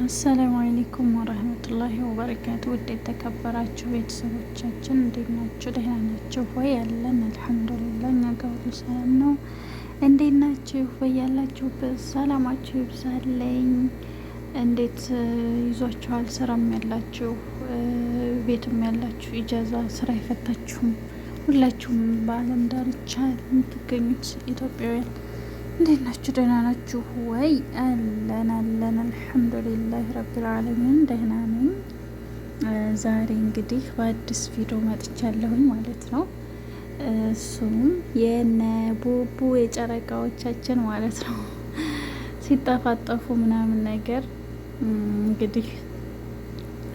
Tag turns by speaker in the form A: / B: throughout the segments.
A: አሰላሙ አለይኩም ወረህመቱላሂ ወበረካቱ። ውድ የተከበራችሁ ቤተሰቦቻችን እንዴት ናችሁ? ደህና ናችሁ ወይ? ያለን አልሐምዱሊላ፣ እኛ ጋ ሁሉ ሰላም ነው። እንዴት ናችሁ ወይ? ያላችሁበት ሰላማችሁ ይብዛለኝ። እንዴት ይዟችኋል? ስራም ያላችሁ ቤትም ያላችሁ ኢጃዛ ስራ አይፈታችሁም። ሁላችሁም በአለም ዳርቻ የምትገኙት ኢትዮጵያውያን እንዴት ናችሁ? ደህና ናችሁ ወይ? አለን አለን። አልሐምዱሊላህ ረብልዓለሚን ደህና ነኝ። ዛሬ እንግዲህ በአዲስ ቪዲዮ መጥቻለሁኝ ማለት ነው። እሱም የነ ቡቡ የጨረቃዎቻችን ማለት ነው ሲጠፋጠፉ ምናምን ነገር እንግዲህ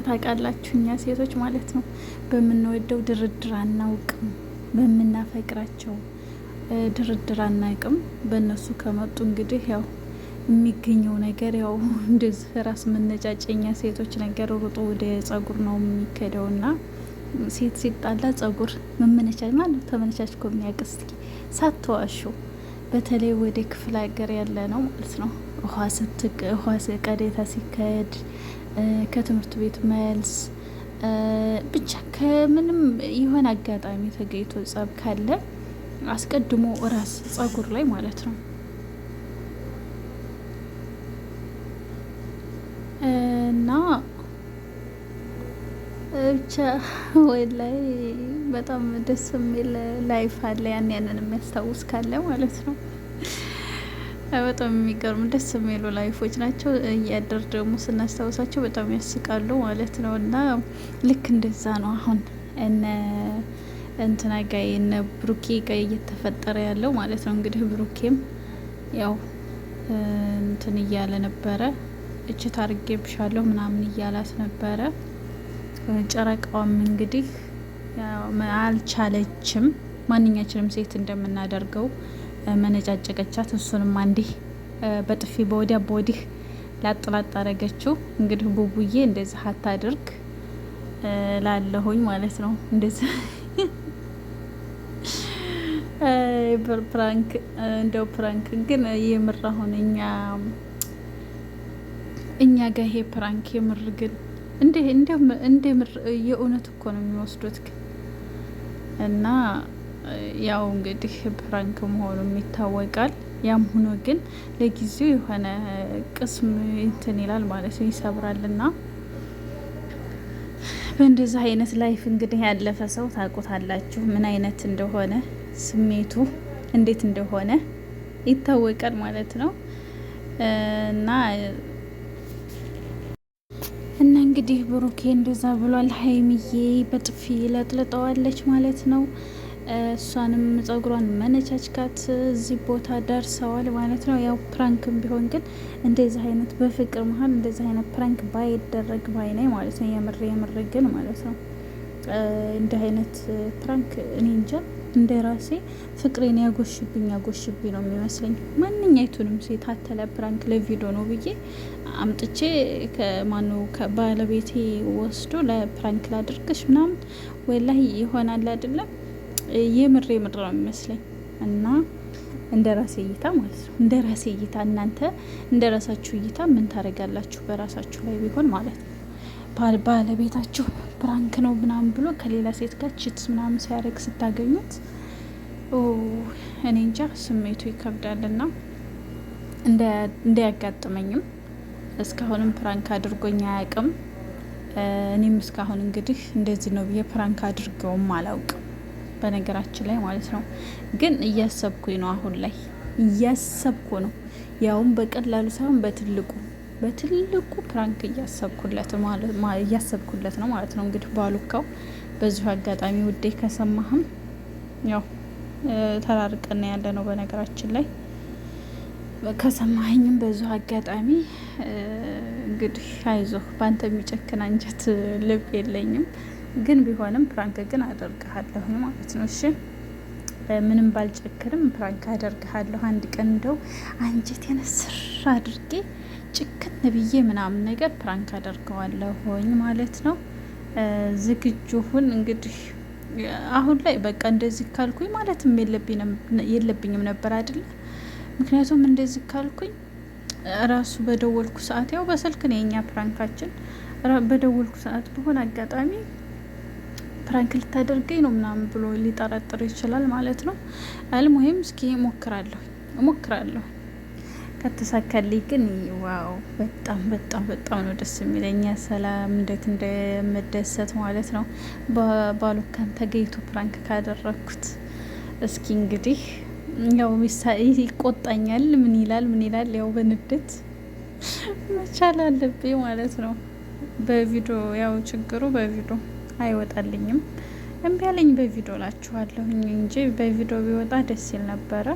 A: ታውቃላችሁ እኛ ሴቶች ማለት ነው በምንወደው ድርድር አናውቅም፣ በምናፈቅራቸው ድርድር አናውቅም። በእነሱ ከመጡ እንግዲህ ያው የሚገኘው ነገር ያው እንደዚህ ራስ መነጫጨኛ ሴቶች ነገር ሩጦ ወደ ጸጉር ነው የሚከደው ና ሴት ሲጣላ ጸጉር መመነቻ ማለት ተመነቻች ከሚያቅስ ሳትዋሹ በተለይ ወደ ክፍለ ሀገር ያለ ነው ማለት ነው። ውሃ ቀዴታ ሲካሄድ ከትምህርት ቤት መልስ ብቻ ከምንም የሆነ አጋጣሚ ተገኝቶ ጸብ ካለ አስቀድሞ ራስ ጸጉር ላይ ማለት ነው እና ብቻ ላይ በጣም ደስ የሚል ላይፍ አለ። ያን ያንን የሚያስታውስ ካለ ማለት ነው። በጣም የሚገርሙ ደስ የሚሉ ላይፎች ናቸው። እያደር ደግሞ ስናስታውሳቸው በጣም ያስቃሉ ማለት ነው። እና ልክ እንደዛ ነው አሁን እነ እንትና ጋይ እነ ብሩኬ ጋይ እየተፈጠረ ያለው ማለት ነው። እንግዲህ ብሩኬም ያው እንትን እያለ ነበረ፣ እችት አርጌብሻለሁ ምናምን እያላት ነበረ ጨረቃዋም እንግዲህ አልቻለችም። ማንኛችንም ሴት እንደምናደርገው መነጫጨቀቻት። እሱንም አንዴ በጥፊ በወዲያ በወዲህ ላጥላጥ አረገችው። እንግዲህ ቡቡዬ እንደዚህ አታድርግ ላለሁኝ ማለት ነው። እንደዚህ ፕራንክ እንደው ፕራንክ ግን የምር አሁን እኛ እኛ ጋር ይሄ ፕራንክ የምር ግን እንዴ እንደ ምር የእውነት እኮ ነው የሚወስዱት። እና ያው እንግዲህ ፕራንክ መሆኑም ይታወቃል። ያም ሆኖ ግን ለጊዜው የሆነ ቅስም እንትን ይላል ማለት ነው ይሰብራል። ና በእንደዚህ አይነት ላይፍ እንግዲህ ያለፈ ሰው ታውቁታላችሁ፣ ምን አይነት እንደሆነ ስሜቱ እንዴት እንደሆነ ይታወቃል ማለት ነው እና እና እንግዲህ ብሩኬ እንደዛ ብሏል። ሀይሚዬ በጥፊ ለጥልጠዋለች ማለት ነው። እሷንም ጸጉሯን መነቻችካት እዚህ ቦታ ደርሰዋል ማለት ነው። ያው ፕራንክም ቢሆን ግን እንደዚህ አይነት በፍቅር መሀል እንደዚህ አይነት ፕራንክ ባይደረግ ባይናይ ማለት ነው። የምር የምር ግን ማለት ነው እንዲህ አይነት ፕራንክ እኔ እንጃ እንደ ራሴ ፍቅሬን ያጎሽብኝ ያጎሽብኝ ነው የሚመስለኝ። ማንኛይቱንም ሴት አተለ ፕራንክ ለቪዲዮ ነው ብዬ አምጥቼ ከማኑ ከባለቤቴ ወስዶ ለፕራንክ ላድርግሽ ምናምን ወላሂ ይሆናል አይደለም። የምሬ ምድር ነው የሚመስለኝ እና እንደ ራሴ እይታ ማለት ነው። እንደ ራሴ እይታ እናንተ እንደ ራሳችሁ እይታ ምን ታደርጋላችሁ በራሳችሁ ላይ ቢሆን ማለት ነው። ባለቤታችሁ ፕራንክ ነው ምናምን ብሎ ከሌላ ሴት ጋር ችት ምናምን ሲያደርግ ስታገኙት እኔ እንጃ ስሜቱ ይከብዳልና እንዳያጋጥመኝም እስካሁንም ፕራንክ አድርጎኝ አያውቅም። እኔም እስካሁን እንግዲህ እንደዚህ ነው ብዬ ፕራንክ አድርገውም አላውቅም በነገራችን ላይ ማለት ነው። ግን እያሰብኩኝ ነው አሁን ላይ እያሰብኩ ነው፣ ያውም በቀላሉ ሳይሆን በትልቁ በትልቁ ፕራንክ እያሰብኩለት ነው ማለት ነው። እንግዲህ ባሉካው በዚሁ አጋጣሚ ውዴ ከሰማህም ያው ተራርቀን ያለ ነው። በነገራችን ላይ ከሰማኝም በዚሁ አጋጣሚ እንግዲህ አይዞህ፣ በአንተ የሚጨክን አንጀት ልብ የለኝም፣ ግን ቢሆንም ፕራንክ ግን አደርግሃለሁ ማለት ነው። እሺ ምንም ባልጨክንም ፕራንክ አደርግሃለሁ። አንድ ቀን እንደው አንጀት የነስር አድርጌ ጭክ ተብዬ ምናምን ነገር ፕራንክ አደርገዋለሁኝ ማለት ነው። ዝግጁሁን እንግዲህ አሁን ላይ በቃ እንደዚህ ካልኩኝ ማለትም የለብኝም ነበር አይደለ? ምክንያቱም እንደዚህ ካልኩኝ ራሱ በደወልኩ ሰዓት ያው በስልክ ነው የኛ ፕራንካችን። በደወልኩ ሰዓት በሆነ አጋጣሚ ፕራንክ ልታደርገኝ ነው ምናምን ብሎ ሊጠረጥር ይችላል ማለት ነው። አልሙሄም እስኪ ሞክራለሁ ሞክራለሁ ከተሳካልኝ ግን ዋው በጣም በጣም በጣም ነው ደስ የሚለኛ። ሰላም እንዴት እንደምደሰት ማለት ነው። ባሉካን ተገይቶ ፕራንክ ካደረግኩት እስኪ እንግዲህ ያው ይቆጣኛል። ምን ይላል ምን ይላል? ያው በንዴት መቻል አለብኝ ማለት ነው። በቪዲዮ ያው ችግሩ በቪዲዮ አይወጣልኝም። እምቢ አለኝ በቪዲዮ እላችኋለሁኝ እንጂ በቪዲዮ ቢወጣ ደስ ይል ነበረ።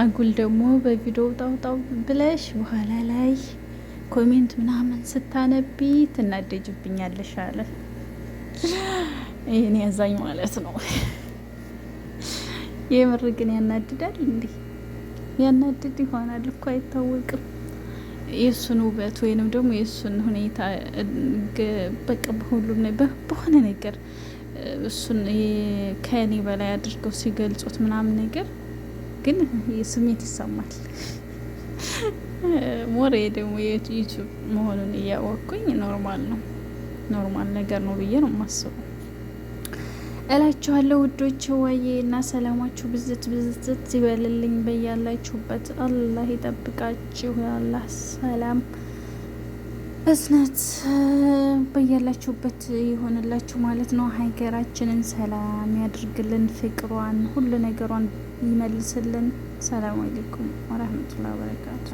A: አጉል ደግሞ በቪዲዮ ጣውጣው ብለሽ በኋላ ላይ ኮሜንት ምናምን ስታነቢ ትናደጅብኛለሽ አለ። ይህን ያዛኝ ማለት ነው። የምር ግን ያናድዳል። እንዲህ ያናድድ ይሆናል እኮ አይታወቅም። የእሱን ውበት ወይንም ደግሞ የእሱን ሁኔታ በቃ በሁሉም በሆነ ነገር እሱን ከኔ በላይ አድርገው ሲገልጹት ምናምን ነገር ግን ስሜት ይሰማል። ሞሬ ደግሞ የዩቱብ መሆኑን እያወቅኩኝ ኖርማል ነው ኖርማል ነገር ነው ብዬ ነው የማስበው እላችኋለሁ ውዶች ወዬ እና ሰላማችሁ ብዝት ብዝት ይበልልኝ። በያላችሁበት አላህ ይጠብቃችሁ። ያላህ ሰላም እዝነት በያላችሁበት የሆነላችሁ ማለት ነው። ሀገራችንን ሰላም ያድርግልን፣ ፍቅሯን ሁሉ ነገሯን ይመልስልን። ሰላም አለይኩም ወረህመቱላሂ ወበረካቱ።